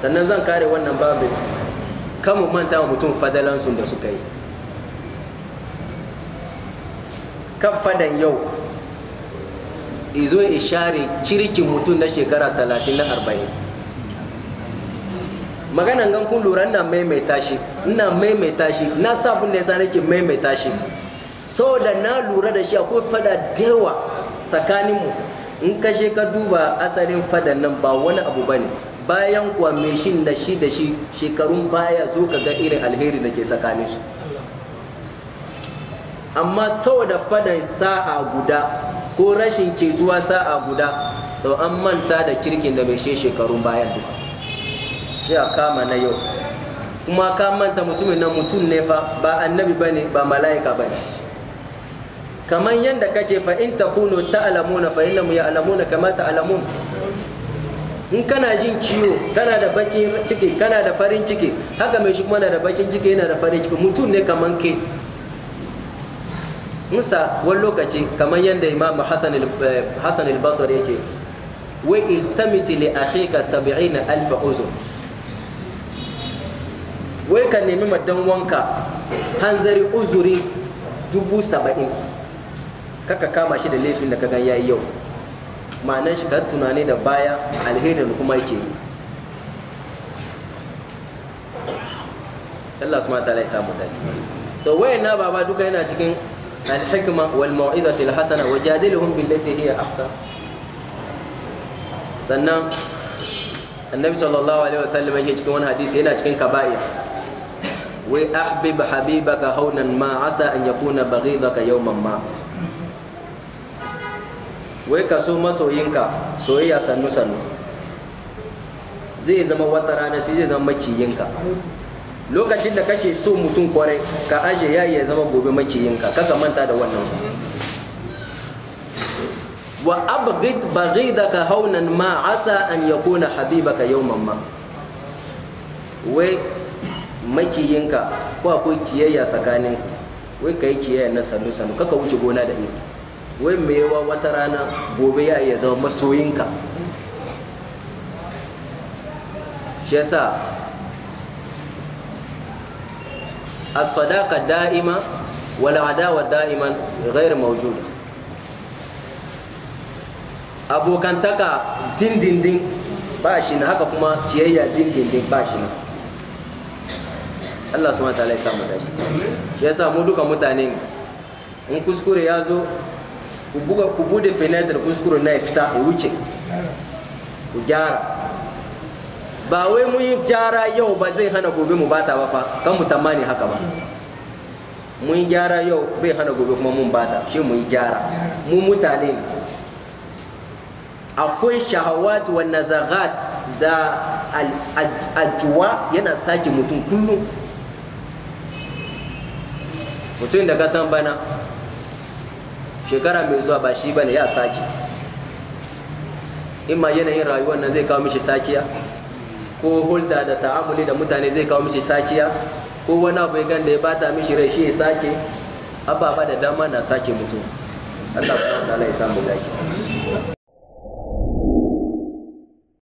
sannan zan kare wannan babin kamu manta wa mutum fadalansu da suka yi kan fadan yau izo ishari share kirkin mutum na shekara talatin na arba'in maganan gan kun lura ina maimaita shi ina maimaita shi na sabon da yasa nake maimaita shi saboda na lura da shi akwai fada dewa tsakaninmu in kashe ka duba asalin fadan nan ba wani abu ba ne bayan kuwa mai shin da shi da shi shekarun baya zo ka ga irin alheri da ke tsakanin su amma saboda fadan sa'a guda ko rashin cetuwa sa'a guda to an manta da kirkin da bai she shekarun bayan duka shi a kama na yau kuma ka manta mutumin nan mutum ne fa ba annabi ne ba mala'ika bane kamar yadda kake fa in ta ta'lamuna fa ya alamuna kama ta'lamun in kana jin ciwo kana da bakin ciki kana da farin ciki haka mai shi kuma na da bakin ciki yana da farin ciki mutum ne kaman ke musa wani lokaci kamar yadda imam hassan al eh, basar ya ce wai iltamisi li akhika sab'ina alfa uzu wai ka nemi madan wanka hanzari uzuri dubu saba'in kaka kama shi da laifin da ka gan yayi yau ma'anar shi ka tunani da baya alherin kuma yake yi Allah subhanahu ta'ala ya samu dadi to wayan na baba duka yana cikin al-hikma wal mau'izati al-hasana wajadiluhum billati hiya ahsan sannan annabi sallallahu alaihi wasallam yake cikin wani hadisi yana cikin kaba'ir wai ahbib habibaka haunan ma asa an yakuna baghidaka yawman ma wai ka so masoyinka soyayya sannu sannu zai zama wata rana sai zai zama makiyinka lokacin da kake so mutum kwarai ka aje ya iya zama gobe makiyinka kaka manta da wannan wa abghid baghidaka haunan ma asa an yakuna habibaka yawman ma wai makiyinka ko akwai kiyayya tsakanin wai kai kiyayya na sannu sannu kaka wuce gona da ni wai mai yawa wata rana gobe ya iya zama masoyinka shi yasa a sadaka da'ima wala adawa da'iman ghayr mawjuda abokantaka dindindin ba shi na haka kuma ciyayya dindindin ba shi na Allah subhanahu wa ta'ala ya samu shi yasa mu duka mutane in kuskure ya zo ku kubude penetra bude na fita ku wuce ku gyara ba we mun yi yau ba zai hana gobe mu bata ba fa kan mutamani haka ba mu jara yo be bai hana gobe kuma mun bata shi mu jara mu mutane akwai shahawat wa nazagat da ajuwa yana sake mutum kullum mutum da kasan bana shekara mai zuwa ba shi bane ya sake in ma yanayin rayuwar nan zai kawo mishi sakiya ko hulda da ta'amuli da mutane zai kawo mishi sakiya ko wani abu ya da ya bata mishi rai shi ya sake ababa da dama na sake mutum Allah ta'ala ya samu